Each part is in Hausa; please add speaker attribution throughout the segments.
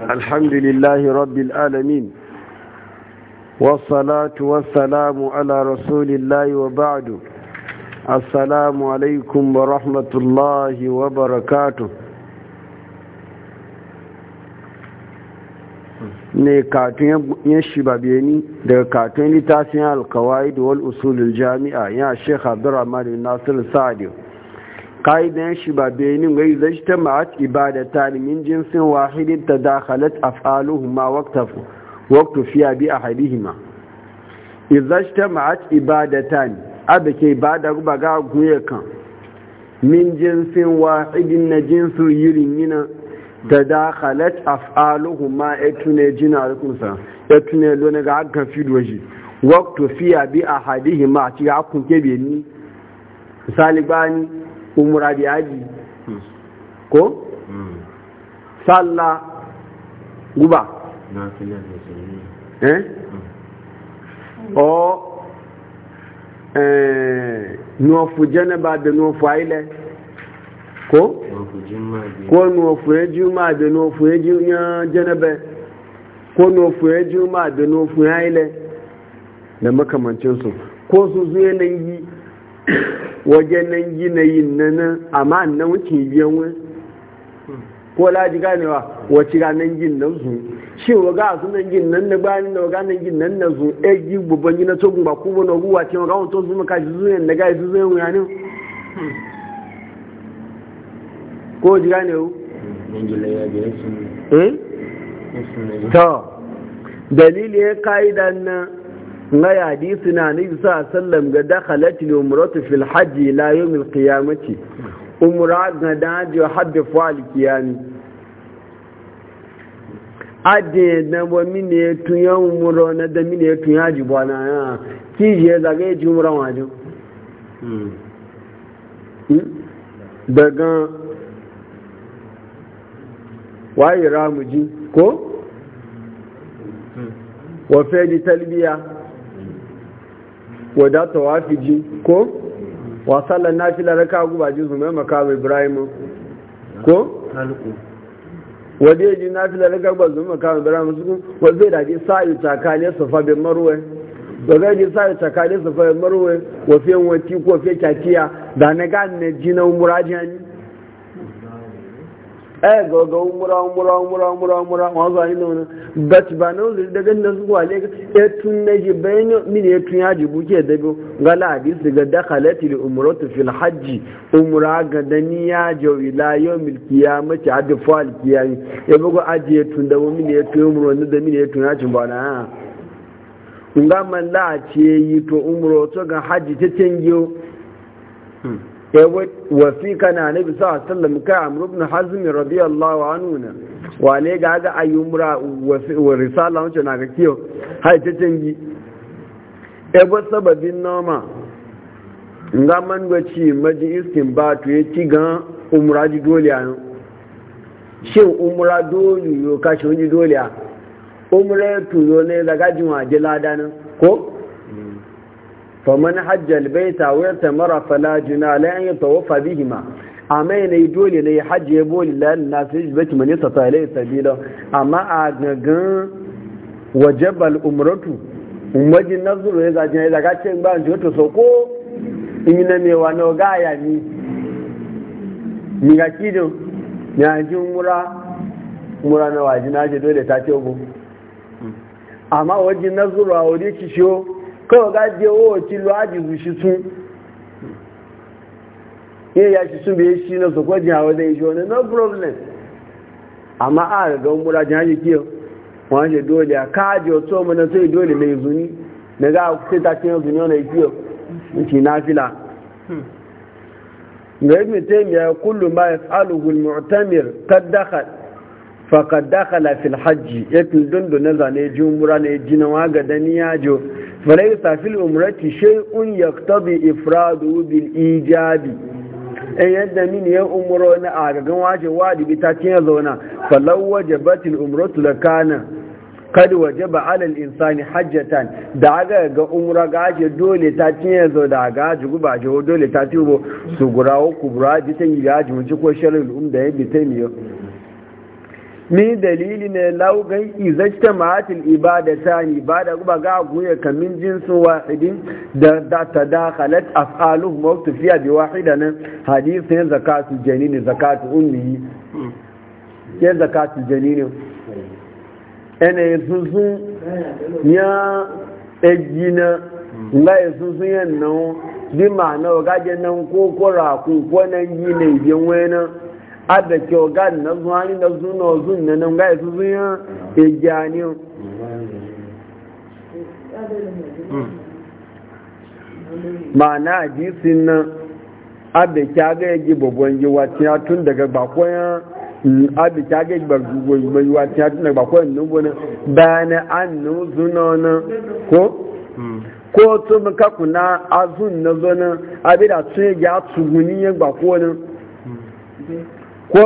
Speaker 1: الحمد لله رب العالمين والصلاة والسلام على رسول الله وبعد السلام عليكم ورحمة الله وبركاته ne katon ya shibabeni daga katon littafin alkawai da wal usulul jami'a ya shekha abdurrahman nasir sa'adiyo ƙa'idan shi ba benin wai zaita ma'at ibadata ne min jinsin wahidin ta dakhalat af'aluhu ma waqtafu waqtu fiya bi ahadihima izaita ma'at ibadata ne abake ibada ruba ga guye kan min jinsin wahidin na jinsu yirin yana ta dakhalat af'aluhu ma etune jina rukunsa etune lona ga aka fido shi waqtu fiya bi ahadihima ci ga kunke benin misali bani umra da yaji hmm. ko hmm. sallah guba eh
Speaker 2: hmm.
Speaker 1: o eh nufu janaba da nufu aile ko ko nufu ya juma da fu ya janaba ko nufu ya juma da nufu e fu e e aile da makamancinsu ko su zuwa yi. wajen nan yinayin nan amma nan wuce biyan wani ko laji ganewa wace ranar gin nan zu shi waga a sunan gin nan na bayan da waga nan gin nan na zu e gi babban gina to ba ko wani na ruwa ce waga wato su maka shi zuwa da ga su zuwa ya ne ko ji gane wu eh to dalili ya kaidan nan na hadisi na nabi sa sallam ga dakhalat al umratu fil hajj la yawm al qiyamati umra ga daji hadd fal qiyami ade na bo mine tun ya umro na da mine tun ya ji bana ya ki je da ga ji umra wajo hmm. hmm? daga wayi ramuji ko hmm. wa fi talbiya wada tawafi ji ko wa sallar nafila raka guba ji su mai makamu ibrahim ko wade ji fi raka guba su mai makamu ibrahim su ko zai da ji sa'i tsakanin safa bin marwai da zai ji sa'i tsakanin safa bin marwai wafiyan wati ko fiye kyakiya da na gane jinan murajiyani ai ga ga umura umura umura umura umura wa za ni non bat ba no daga nan zuwa le ya tun na ji bayan min ya tun ya ji buke da go gala hadis daga dakhalati al umratu fil hajj umra ga dani ya jo ila yawmil qiyamati ad fal qiyam ya bugo aje tun da min ya tun umro da min ya tun ya ji bana nga man la ce yi to umro to ga hajji ta tangiyo hmm. wafi kana na bisa sallam kai amru ibn hazmi radiyallahu anhu na wane ga ga ayyumra wa risala wancan na ga kiyo hai ta canji ebo sababin noma nga man gwaci maji iskin ba to ya ci gan umra ji dole a shin umra dole yo kashi wani dole a umra ya tuyo ne daga jin waje ladanin ko faman hajjal baita wa tamara fala juna la an yatawaffa bihima amma ne dole ne hajji ya boli la na su baki mane sa ta lai sabila amma a gangan wajabal umratu umajin nazuru ya zaje ya zaga ce ba ji so ko in na me wa no ga ya ni ga kido ya ji mura mura na waji na dole ta ce go amma wajin nazuru a wuri kishiyo kawai ga je wo ti lo aji zu shi ya shi sun be shi na so ko jin awon dai jona no problem amma a ga mura jin haji kiyo wọn ṣe dole a ọ̀tọ́ ọmọ náà tó ìdóòlè lè zuni nígbà títà tí wọ́n zuni ọ̀nà ìkíyọ̀ nítí mutamir qad faƙad dakala fil hajji ya tundun na zane ji umura ne jina waga da niyajo falai safil Un, shay'un yaktabi ifradu bil ijabi in yadda min ya umuro na a gagan waje wadi ta tiya zauna falau wajabatil umratu lakana kad wajaba ala al insani hajjatan da aga ga umra gaje dole ta tiya zo da ga ji guba dole ta tiyo su gurawo kubra bitan ya ji mu ci ko sharil da ya bitan Ni dalili ne laugan izajta ma'atil ibada ta ba da kuma ga guye kamin jinsu wahidin da da ta dakhalat af'aluhu mawtufiya bi wahida nan ne zakatu janini zakatu ummi ke zakatu janini ene zuzun ya ejina nga zuzun yan nan bi ma'ana ga nan ko ko rakun ko nan yi ne bi wena ada ke oga na zuwa ni na zuwa na na e nan ga su zuwa ya jani ma'ana jisin nan ada ke ya ji babban yiwa tiya tun daga bakoyan abi ta ga gbar yiwa tiya tun daga bakoyan nan na bayan an nan na ko ko ka kuna azun na zo nan abi da tun ya ko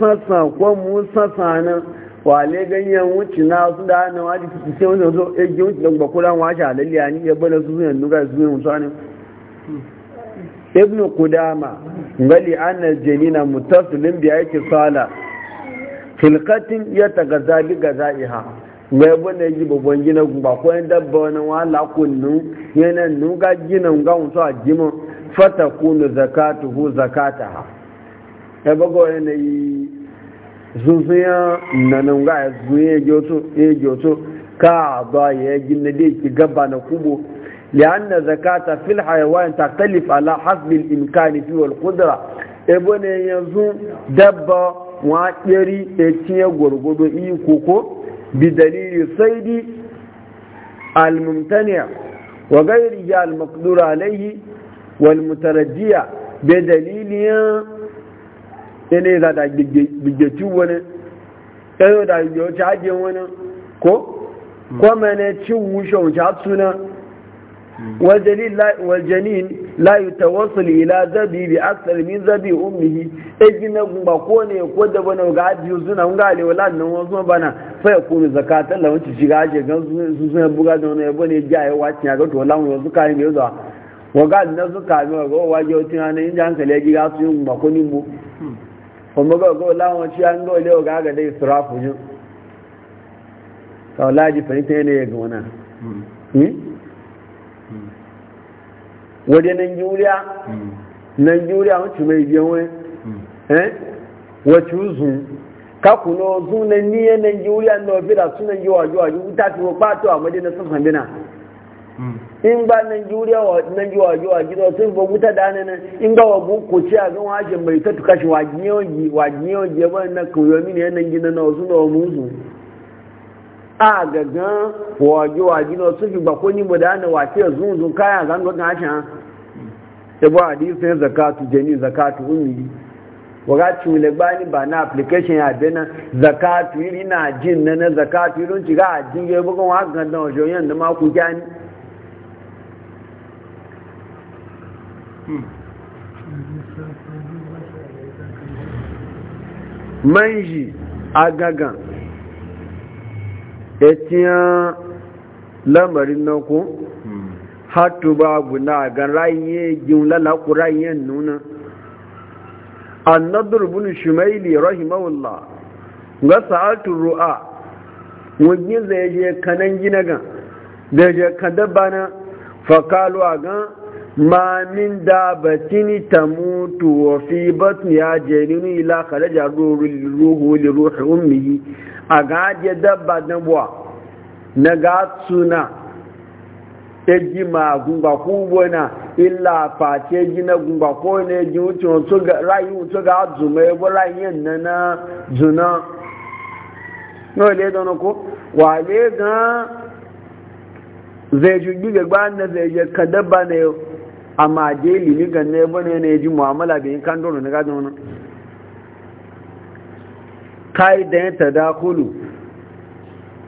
Speaker 1: sassa ko nan wale ganyen wuce na su da hannun wajen su sai wani zo e wuce da bakuran washe halalli a ni e ya bane su zuwa nuka su zuwa ne? ibn kudama ngali jeni na mutasilin biya yake sala filkatin ya gaza bi gaza'iha ga yabo na yi babban gina ba ko yan dabba ya bago yanayi zunzunya nanan ga ya zuye ya gyoto ka ba ya gina dai ki gaba na kubo lianna zakata fil hayawan takhtalif ala hasbi al imkani fi wal qudra ebo ne yanzu dabba wa kiri e tiye gurgudo iko ko bi dalili saidi al mumtani' wa ghairihi al maqdur alayhi wal mutarajjiya bi yanayi za da gbiggeci wani ɗayo da gbiggeci ajiye wani ko hmm. ko mene cin wushe wuce suna hmm. waljanin la yi tawassul ila zabi bi aksar min zabi ummihi e gina gumba ko ne ko da bana ga ajiyu suna n ga alewa lan nan wasu bana fa ya kunu zakatan la wuce shiga ajiye gan su suna buga da wani yabo ne jaye wacin ya ga to lan wasu na ji kuma ga ga lawon ci an dole yau ga ga surafu jin kawai laji fahimta ne ga wana hmm. hmm? hmm. waje eh? nan juriya nan juriya wani eh wacce uzun kakuno zunan niyan nan na wafi da sunan jiwa jiwa ta fi wa ba to a madina sun Mm. in ba Najeriya wa Najeriya wa jiwa gido sun ba wuta da nan in ga wa ko ci a gan wajin mai ta tuka shi wajin yawanji wajin yawanji ba na koyo mini yanan gidan na wasu na musu a ga wa waje gido sun fi ba ko ni mu na wace zunzun kaya zan ga kan shan ya ba hadisin zakatu jami zakatu ummi ba na application ya bena zakatu iri na jin na na zakatu irin ci ga ajin ga bugun wa wajen ma ku manji agagan etiyan lamarin na ku hmm. hatu babu na gan rayiye jin lalaku rayiyen nuna annadur bin shumaili rahimahullah ga sa'atu ru'a wajen zai je kanan gina gan da je kadabana fakalu a gan ma min dabatin tamutu wa fi batniha jarinun ila kharaja ruhu li ruhi ummihi a gaje dabba na buwa na eji na illa face ji na gungba ko ne ji ga zuma rai na na zuna no le don ko wa le ga zai ju gbe na kadaba na amma je limi ne bane ne ji mu'amala bin kan dole na gajin wannan kai da ya tadakulu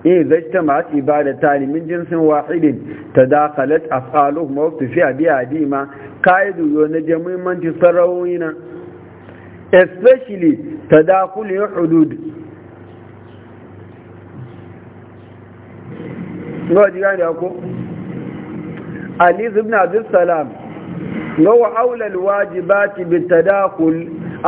Speaker 1: in zaita ma ibada talimin jinsin wahidin tadakalat af'aluhum wa tufiya abi adima kai duyo na je muhimmanci sarawoyina especially tadakulu hudud Ngo ji gani ko Ali ibn Abdul Salam هو أولى الواجبات bi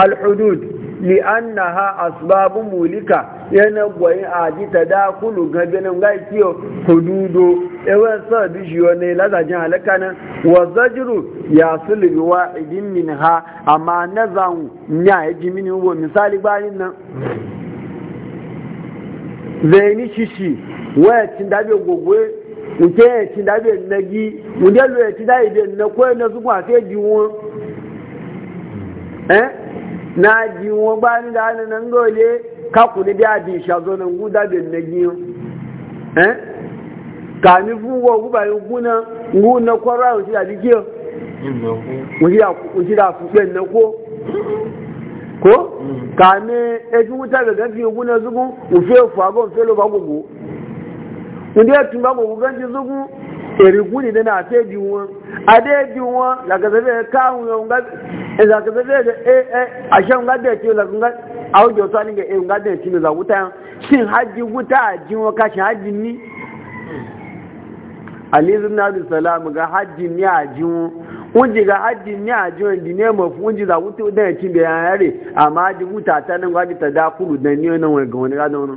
Speaker 1: الحدود li'annaha asbabu mulika yana gwayin aji ta dakulu ga ganin ga kiyo hududo ewan sa bishiyo ne lazajin halaka nan wa zajru ya sulbi wa'idin minha amma nazan nya yaji mini wo misali bayin nan shishi waya cin dabe gogwe nke eti dabe nne gị ndị elu eti da ibe nne kwe na zukwu afi eji wọn eh na ji wọn gba ni da na nan ole kaku ni bia bi shazo na ngu dabe nne gị eh ka ni fu wo gu ba ngu na ngu na kwara o ti da bi gị o ngu ya o ti da ko ko ka ni eji wuta ga gafi fi ngu na zukwu o fe fu abo fe lo ba ndị otu mgbe ọgwụ ganji zugu eriguni dị na ata eji wọn ada eji ka ahụ ya e, lagazabe da ee ashe nga eti awo ga e nga dị eti la wuta shin haji wuta aji wọn ka shin haji ni ali ibn abi salam ga ni wọn wunji ga haji ni aji wọn di ne mo wunji wuta eti amma wuta ta ta da da ni ga ga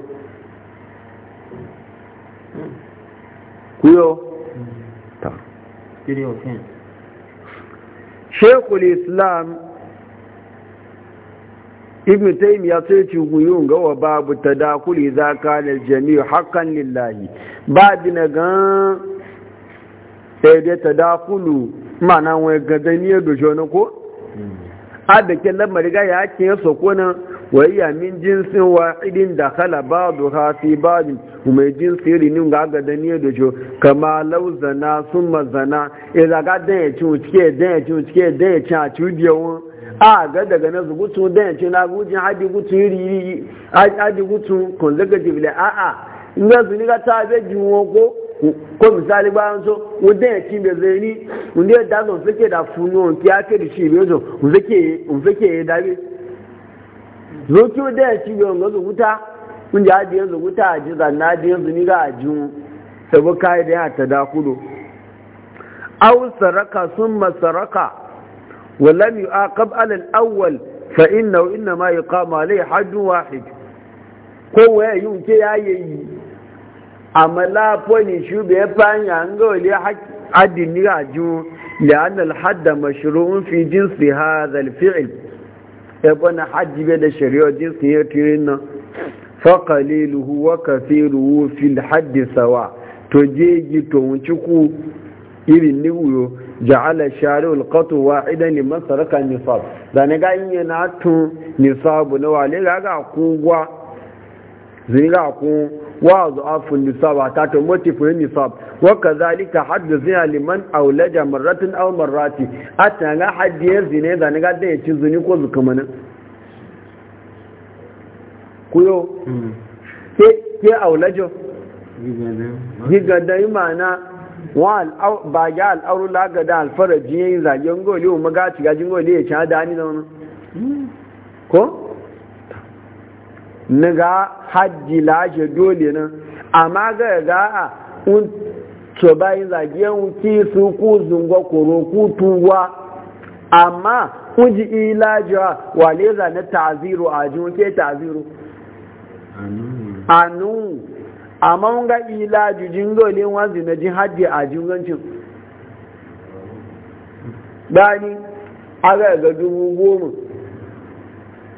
Speaker 1: kuyo ta shekul islam ibn taim ya ce ci ga gawa babu ta dakuli za ka da jami'u hakan lillahi ba dina gan ɗaya ta dakulu wani wai gadaniyar na ko hmm. a da ke lamar ga ya ke soko وهي من جنس واحد دخل بعضها في بعض ومن جنس رنين غاغا دنيا دجو كما لو زنا ثم زنا إذا قد دنيا تشوكي دنيا تشوكي دنيا تشوكي دنيا a ga daga na zugutu dan ce na gujin hadi gutu yiri hadi gutu consecutively a a in ga zuni ga ta be jiwo ko ko misali an so wanda ya ci bai zai ni wanda ya da zo suke da funo ki ake da shi bai zo zake zake ya dabe zoto da ya ci ga zuguta kun ji yanzu zuguta a ji zanna ajiyar zuni ga ajiyun sabu kayi da ya ta dakulo au saraka summa saraka wa lam yu'aqab ala na awwal fa innahu inma yuqamu alayhi hadd wahid ko waye yun ke yi. amala poni shube panya ngoli hadi ni ajiyun لأن الحد مشروع في جنس هذا الفعل ebon hajji be da shari'a jinsin ya tirin nan faƙaliluhu wa kafiruhu fil haddi sawa to jeji to wuci ku irin ni wuyo ja'ala shari'ul qatu idan liman saraka nisab da ne na tun nisabu na ga ga gwa ga wa zu'afun nisab ta ta motifin nisab wa kazalika haddu zina liman aulaja marratin aw marrati atanga hadiyar zine da ni ga da ci zuni ko zukumanin kuyo ke ke aulajo gigada imana wa ba ya al'auru lagada alfaraji yayin zagen gole wa magaci gajin gole ya ci hadani na ko ni ga hajji lashe dole nan amma ga ga a un to bayin zagiyan wuki su ku zungo koro ku tuwa amma uji ilajiwa wale za na taziru a ji wuke taziru anu amma ga ilaju jingolin wanzu na jin hajji a jingancin bani aga ga dubu goma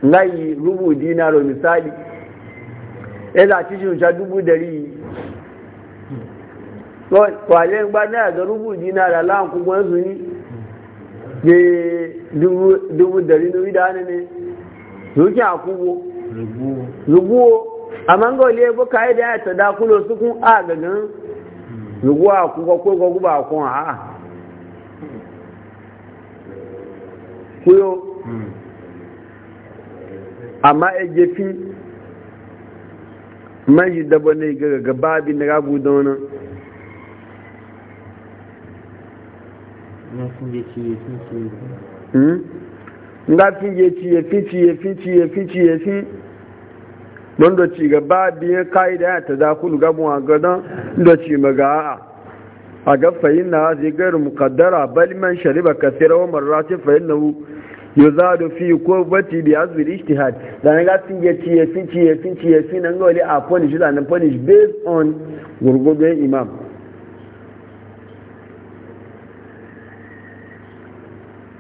Speaker 1: layi rubu dinaro misali ya zaci shi dubu dari kwale gba náà ga rubu dina da láwọn kuma su ni ne dubu dari nuri da hannu ne zuki a kubo rubuwo amma ga wale bu kayi e da ya tada kulo su kun a gagan rubuwa a guba kuyo mai dabo ne ga gaba bin da gagu da wani na hmm? fi ye ci ya fi ci ya fi ci ya fi ci ya fi don da ci gaba ya kai da ta da kulu gabu a gadan da ci maga a a ga fahimna zai gairu mukaddara bal man shariba kasira wa marratin fahimnahu yuzadu fi kurbati bi azbi ijtihad da ga tin ya ci ya fi ci ya fi ci ya fi nan a punish da na punish based on gurgurdan imam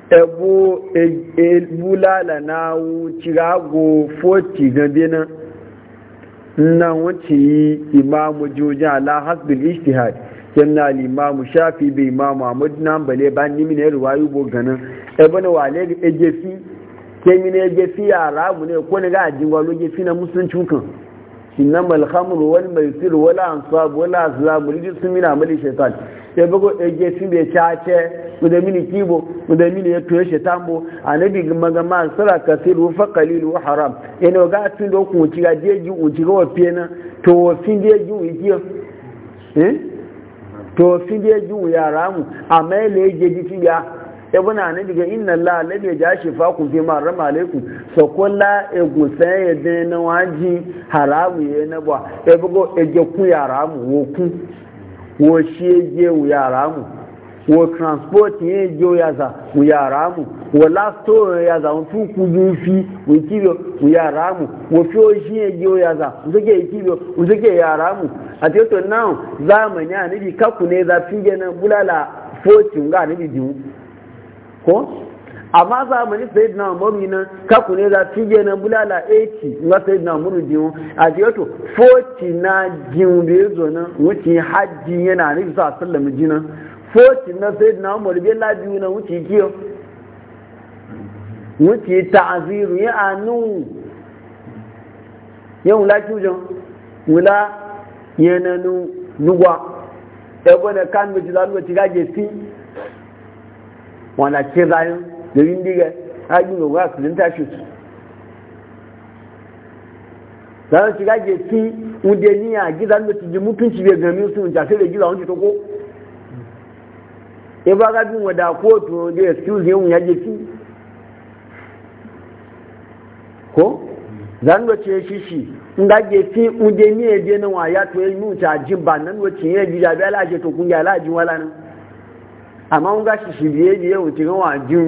Speaker 1: ebu ebulala e, na wucigago 40 gabe na wuci wuce imamu jojin ala hasbil ijtihad yamna limamu shafi bai imamu ahmad nan bale ba ni mine ruwayu bo ganin e bana wale ga ejefi ke mine ejefi ya rabu ne ko ne ga ajin walo ejefi na musulunci wani mai al-khamr wal maisir wal ansab wal azlam rijsun min mali shaytan Sai e bago ejefi be chache da mini kibo da mini ya e toye shaytan bo anabi magama sara kasiru fa qalilu haram ene ga tun do ku ci ga jeji u ci ga wafena to wafin jeji u to fi dai jin yara mu amma ya leje fi ya ibn an diga inna allah la bi jashi fa ku fi ma rama alaikum so kola e go ya na waji haramu ye na ba e ku yara mu wo ku wo shi je yara mu wo transport ye jo yaza mu yara mu wala store ya za mfu kujufi wikivyo uyaramu wofyo jiye jiyo ya za nzege ikivyo nzege yaramu ati yoto nao zamani ya nibi kakune za fige na bulala 40 nga nibi dimu ko na na kaku ne za su na bulala 80 nga na umaru jiwu a ji wato 40 na jiwu da ya yana nufi sa sallama na na umaru na wuce kiyo wuce ta'aziru ya anu yau la kujo wula yananu lugwa ebo na kan mi jila lugwa tiga je fi wana ke zayin da yin diga hajji ga wasu din tashi su zayin tiga je fi wunde ni a giza lugwa ti ji mutunci bai gami su jafe da giza wunci ta ko ebo ga bin wada kotu da excuse yawun ya je fi ko zan wace shi shi nga ge fi unde ni e je na ya to e nu ta jimba nan wace ye ji jabe ala je to kun ya ala ji wala nan amma nga ga shi biye biye wuce ga wa ju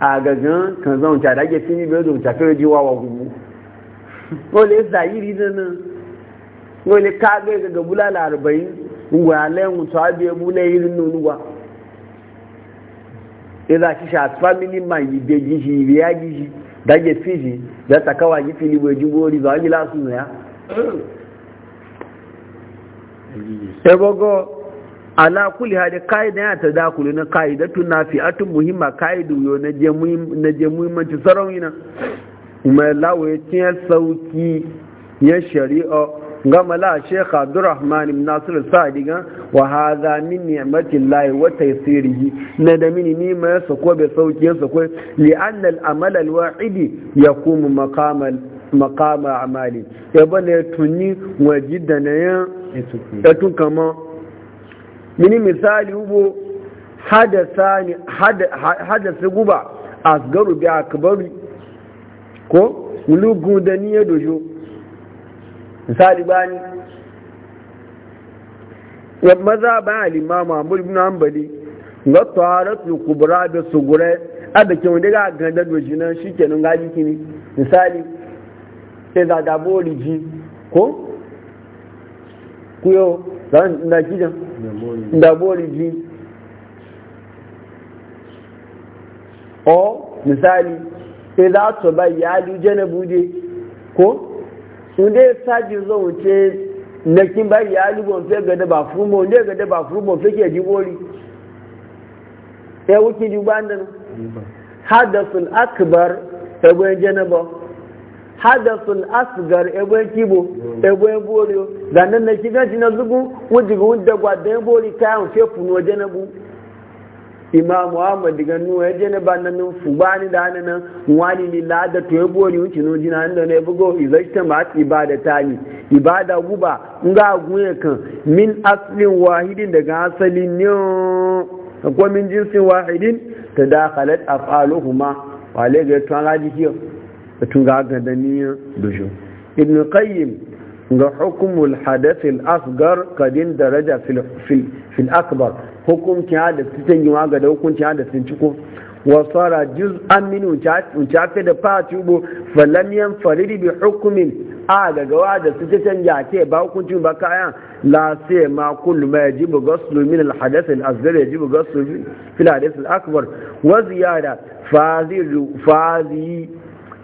Speaker 1: a gagan kan zan ta da ge fi ni be do ta fe ji wa wa gugu ko le zahiri nan ko le ka ga ga bulala 40 ngwa le mu ta biye bule irin nunu wa ila e shi sha family man yi be ji shi ya ji shi da ge fi ji ya takawa yi fili bai ji gori ba yi lasu na ya ebogo ala kuli hali kaida ya ta dakulu na kaidatun nafi'atun muhimma kaidu yo na je na je muhimmanci sarauni na mai lawo ya sauki ya shari'a gama la shekha abdurrahman ibn nasir sa'adi gan wa hadha min ni'matillahi wa taysirihi na da mini ni ma yasa ko be sauki yasa ko li anna al amal al wa'idi yaqumu maqama maqama amali ya bane tunni wajida na ya etu kama mini misali ubo hadasa ni hadasa guba asgaru bi akbari ko mulugun da ni ya dojo misali bani ya maza ba limama amur ibn hanbali ga su kubra da su sugure ada ke wanda ga ganda do jina shikenan gaji jiki ne misali sai za da da ji ko ku yau za zan da kidan da ji o misali sai za su bayyali janabu bude ko unde saji zo wuce na kin ba ya lugon fe ga da ba furmo ne ga da ba furmo fe ke jibori e wuki jibandan hadathul akbar ebo bo janaba hadathul asgar ebo bo kibo ebo bo boriyo dan nan na kiga na zugu wuji gun da gwadan bori kayan fe funo janabu imamu ahmad diga nuwa ya eh, jene ba nan fubani da hannun nan wani ni lada to ya bori wuce no jina da ne bugo izashta ma ibada tani ibada guba nga guye kan min aslin wahidin daga asalin ne ko min jinsin wahidin ta dakhalat af'aluhuma wale ga to ga jiki to ga ga dani dojo ibn qayyim ga hukumul hadath al kadin daraja fil fil akbar hukuncin da su can ga da hukuncin da sun ciko wasara juz an min da fati tubo falamiyan faridi bi hukumin a gagawa da su ta canja ke ba hukuncin ba kayan la sai ma kullu ma yajibu ghuslu min al hadath al asghar yajibu fi fil hadath al akbar wa ziyada fazi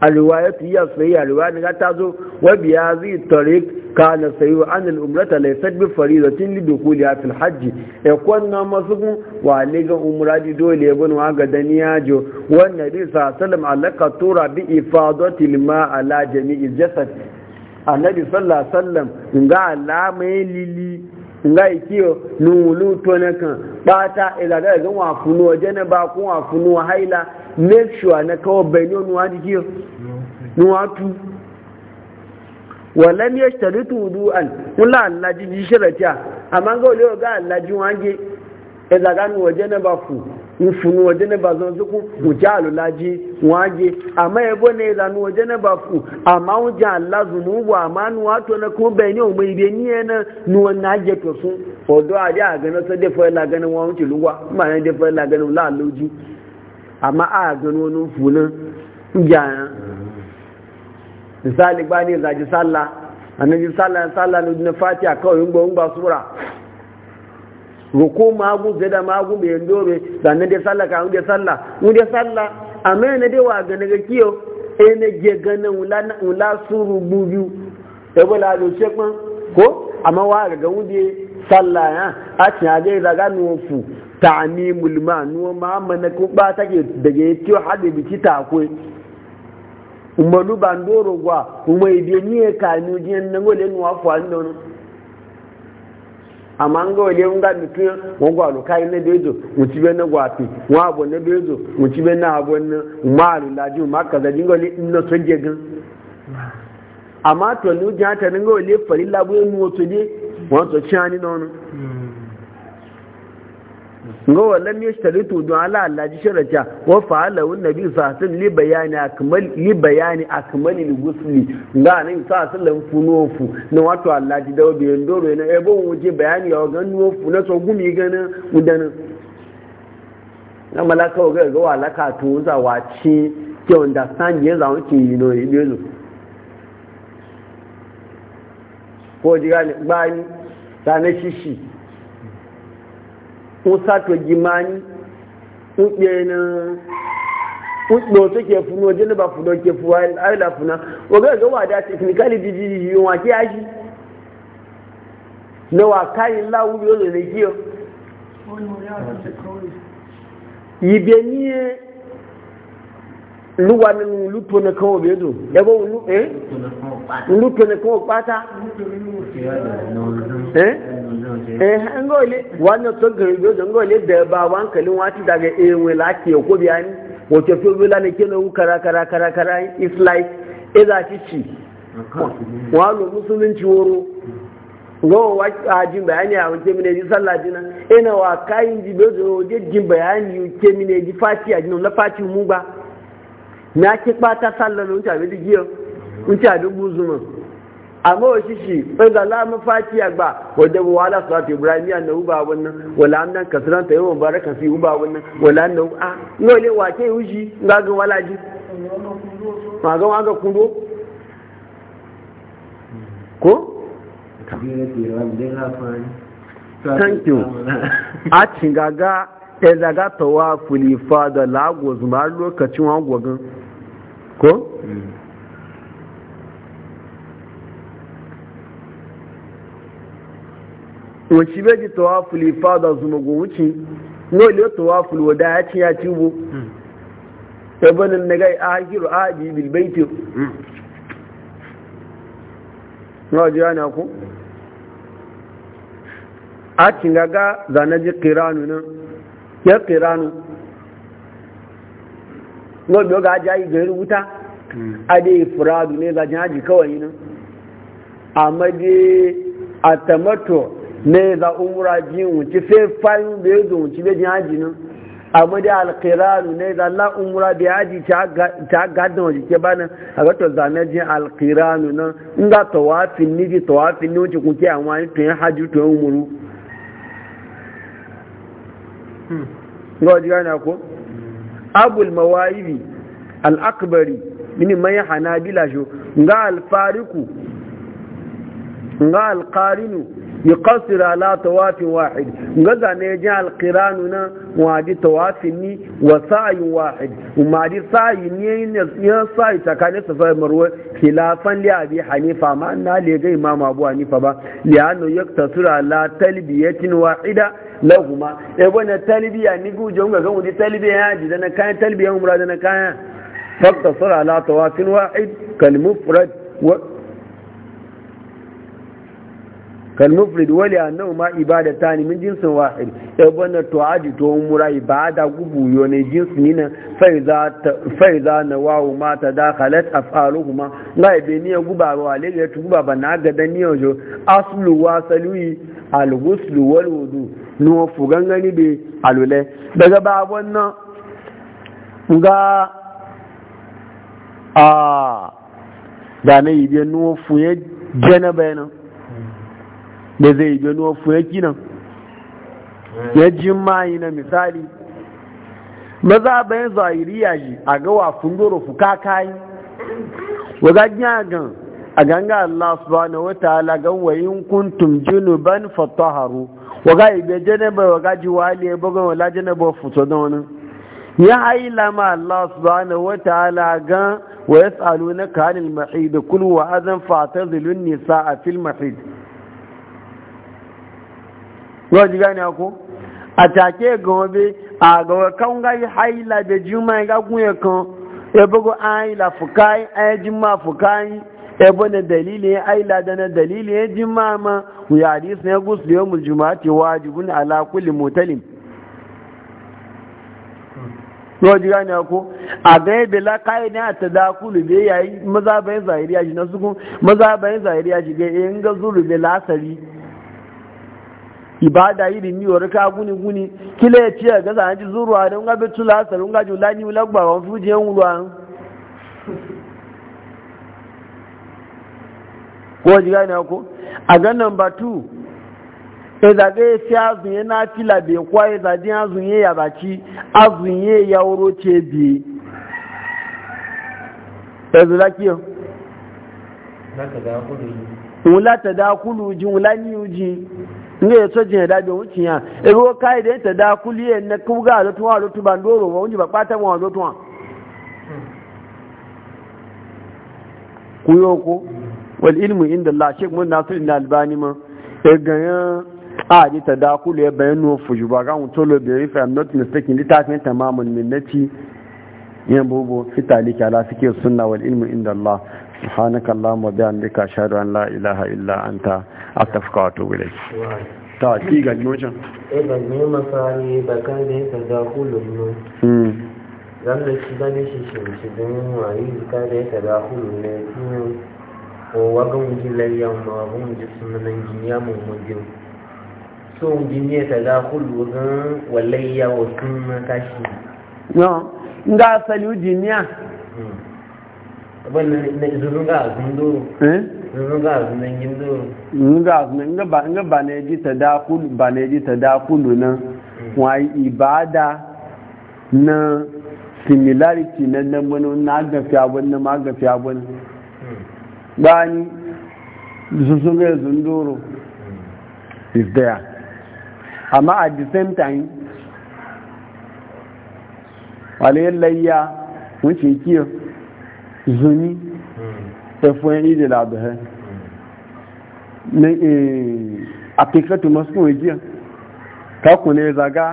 Speaker 1: alwayatu ya sayya alwayatu ta zo wa biya zai tariq kana sayu an al-umrata laysat bi faridatin li dukuliha fil hajj e kwanna masu wa ne ga umra di dole bin wa ga daniya jo wa nabi sallallahu alaka tura bi ifadati ma ala jami'i jasad annabi sallallahu alaihi wasallam ga alama lili nga ikiyo nulu to na kan bata ila ga ga wa funu waje na ba ku wa funu haila make sure na kawo bayan nuwa jiki nuwa tu walam ya shari tudu an wula allaji ji shiratiya amma ga olewa ga allaji wange ya zaga ni waje na ba fu nfunu waje na ba zan zuku wuce alulaji wange amma ya bane ya zanu waje na ba fu amma wuce allah zunubu amma nuwa to na kuma bayani o mai beni ya na nuwa na je to sun odo a je a sa defa ya laganin wa lugwa ma na defa ya laganin amma a gano wani funan gyana misali ba ne zaji sallah annabi sallah sallah na na fatiha kawai yin gwarin ba sura ruku magu zai da magu mai yin dore sannan dai sallah kawai dai sallah mu dai sallah amma yana dai wa gane ga kiyo ene je gane wula suru buju ebe la do shekman ko amma wa ga wuje sallah ya a cikin ajiyar zaga nufu taami ma nuwa ma mana ko ba take daga yake hade biki ta akwai gwa umai de ni ka ni jin na gole ni wa fa amma nga wale nga mitu wọn gwa lo kai anyị bezo na gwa pi wọn bezo na abo ne laji amma to jata farilla bu ga wallan ne shtaritu don ala Allah ji sharata wa fa'ala wa nabi sallallahu li bayani akmal li bayani akmal li gusli ga nan sa sallan funofu na wato Allah ji dawo biyan doro na ebo wuje bayani ya ga nufu na so gumi ganin udana na malaka ga ga ka to za wace ke understand yin zawon ki yi no ibezu ko ji gani ni ta na shishi musa to gimani kuɗe na kuɗo to ke funo jini ba funo ke fuwa ayla funa waga ga wada technically biji yi wa ke ashi na wa kayin lawu yo ne kiyo niye. luwa ni luto na kawo bai zo yabo Ee? eh luto na kawo pata
Speaker 2: eh eh
Speaker 1: ngole wannan to gari bai ngole da ba wan kalin wati daga eh we lake ko biyani fi bila ne kenan kara kara kara kara is like ida kici walo musulunci woro gawa wa jin bayani a wace mine ji sallah dina, ina wa kayin ji je jin bayani mine ji fati a jina na fati mu na ki kpata sallan wuce abin digiyar wuce abin guzuma amma wa shishi ɓarga lamu fatiya ba wadda ba wala su zafi ibrahimiya na uba wannan wala annan kasiran ta yawan baraka fi uba wannan wala ah, wa a yi wake yushi gagan wala ji magan waga kundo ko? thank you a cingaga e zaga wa lifa da lagos ma lokacin gwagin ko? wacce bai ta wa lifa da zumago wuce wa tawafu da ya ci ya ci e bu sabanin na gai a hajjiru a ji bilbaiti na wajen yana ku a cin gaga zanaji kiranu nan ya kiranu wani yau ga ajayi gari wuta hmm. a da ifiradu ne ga jaji kawai nan amma dai a tamato ne za umura ji wuce sai fayin da ya zo da jaji nan amma dai alkiranu ne za la umura da yaji ta gadon waje ba na a ga to zane jin alkiranu nan in ga tawafin ni ji tawafin ni wuce kuke amma ni to yin hajji to yin umuru ga gane ko abul al al'akbari mini mai hanabila shi ga alfariku ga alƙarinu يقصر على طواف واحد غزا نجا القران نا وادي طواف ني وسعي واحد وما دي سعي ني يا سعي تكان سفر مروه خلافا لابي حنيفه ما ان لي جاي امام ابو حنيفه با لانه يقتصر على تلبيه واحده لهما اي ابن تلبيه ني جو جون غا ودي تلبيه يا دي انا كان تلبيه عمره انا كان فقط صار على طواف واحد كالمفرد و... kal mufrid wali annahu ma ibadatani min jinsin wahid e bana to aji to umura ibada gubu yo ne jinsin nina faiza faiza na wawu ma tadakhalat af'aluhuma ngai be ni guba wa le ga tu guba bana ga dan ni ojo aslu wa salui al ghusl wal wudu no fu gangani be alule daga ba wannan ga a da na yi biyan nuwa fuye jana bayanan da zai gani wafu ya kinan ya ji mayi na misali maza bayan zahiriya ji a gawa fungoro fuka kayi waga gan a ganga Allah subhanahu wa ta'ala ga wayin kuntum junuban fataharu waga ibe janaba waga ji wali bugan wala janaba futo don wani ya haila lama Allah subhanahu wa ta'ala ga wa na kanin mahid kul wa adhan fa'tazilun nisaa fil mahid yau ji gane ako a take gobe a gawa kan gai haila da juma ga gunye kan ya bugu aila fukai ay juma fukai ya bane dalili ya aila da na dalili ya juma ma ya hadis ne gusul yawmul juma'ati wajibun ala kulli mutalim yau ji gane ako a gaya bela kayan a ta dakulu bai yayi maza bayan zahiri ya ji na sukun maza bayan zahiri ya ji ga in ga zuru bela asari ibada yiri ni ka guni guni kile ya ciye ga zanaji zuruwa da nga betu lasar nga jula ni ulagba wa fuji yan ko ji gane ko a ga number 2 e da ga fi azunye na fila be kwa e da din azunye ya baci azunye ya wuro ce bi e zula kiyo wula ta da kulu ji wula ni uji nga ya so jin dabe wucin ya e go kai da ta da kuliye na kuga da tuwa da tuba ndoro ba wunji ba kwata mu da tuwa kuyo ko wal ilmu inda Allah Sheikh Mun Nasir na Albani ma e ga a ji ta da kuliye bayan no fuju ba ga mun tolo bi if I'm not mistaken litafin tamamun minnati yan bobo fitalika ala fike sunna wal ilmu inda Allah سبحانك اللهم وبحمدك اشهد ان لا اله illa انت astaghfiruka wa atubu ilayk ta ki ga nojin
Speaker 2: idan ne masani ba da yake da kullu hmm. dan da shi da shi shi shi dan wani ka da
Speaker 1: yake da kullu ne hmm. wagan ji layyan ma gun ji sunan jinya mu mu ji so jinya ta da wa nga Eh? nga ba ta ta wa ibada na similarity na nan na agafi abun na ma gafi abun hmm. bani sun ga zunduru is there amma at the same time walayen layya wuce kiyo zuni ẹ̀fọ́ ilé làbẹ̀ẹ́ ní àpẹkẹ́tù mọ́sùn ìjìyà kakùnlẹ̀ zaga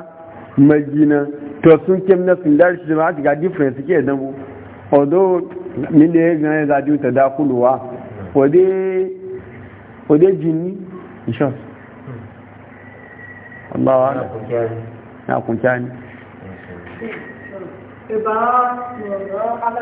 Speaker 1: magina to sun kem na sun dari shi ma ga difference ke da mu although min da ya gane za ta dakuluwa wade jini ishos Allah wa na kunkya ni. Iba, yau da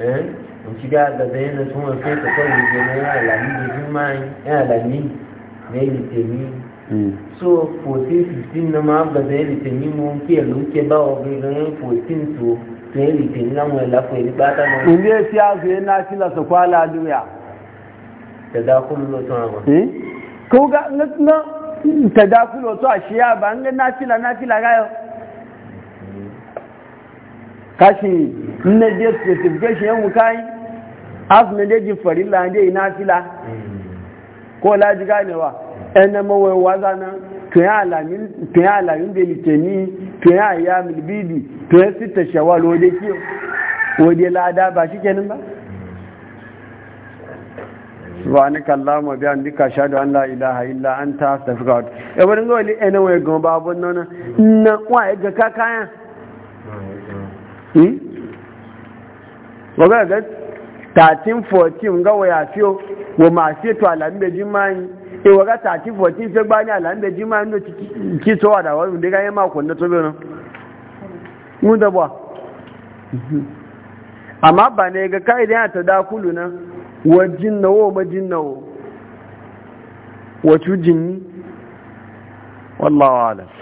Speaker 1: òṣìṣẹ́ àgbàdo yẹn lọ tún wọn na ìtọ́kọ́ ìrìnàjò náírà àlàyé lójú máa ń so fourteen fifteen náà máa gbàdo yẹn lè tèmi mú kí ẹ̀ ló ń kẹ́ bá ọ̀gbìn gan fourteen tó tó yẹn lè tèmi láwọn ẹ̀lá fún ẹni bá tán. ìwé etí ga tẹ̀dá kó lọ́tọ́ àṣeyà bá ń kashi na je specification yan wukai azumin da ji farilla dey na fila ko laji ganewa waza na mawaiwa zanen tun ya alamin da litini tun ya ya milbidi tun ya sita shawal wadda kiyo la lada ba shi kenan ba subhanak allahumma bihamdika ashhadu an la ilaha illa anta astaghfiruka wa atubu ilayk e barin zo li ene we gamba abun nan na wa e ga kakaya Hmm? wọ́n gẹ́gẹ́ thirteen gawa ga wọ́n wa masu o wọ́n máa fi ètò àlàmìbẹ̀jì máa ń ìwọ̀n ká thirteen fourteen fẹ́ gbá ní àlàmìbẹ̀jì máa ń lò kí tobe wà dáwọ́ ìdí ká yẹn na kọ̀ ní tó bẹ̀rẹ̀ ń dọ̀bọ̀ àmọ́ bà ní ẹgbẹ́ ká ìdí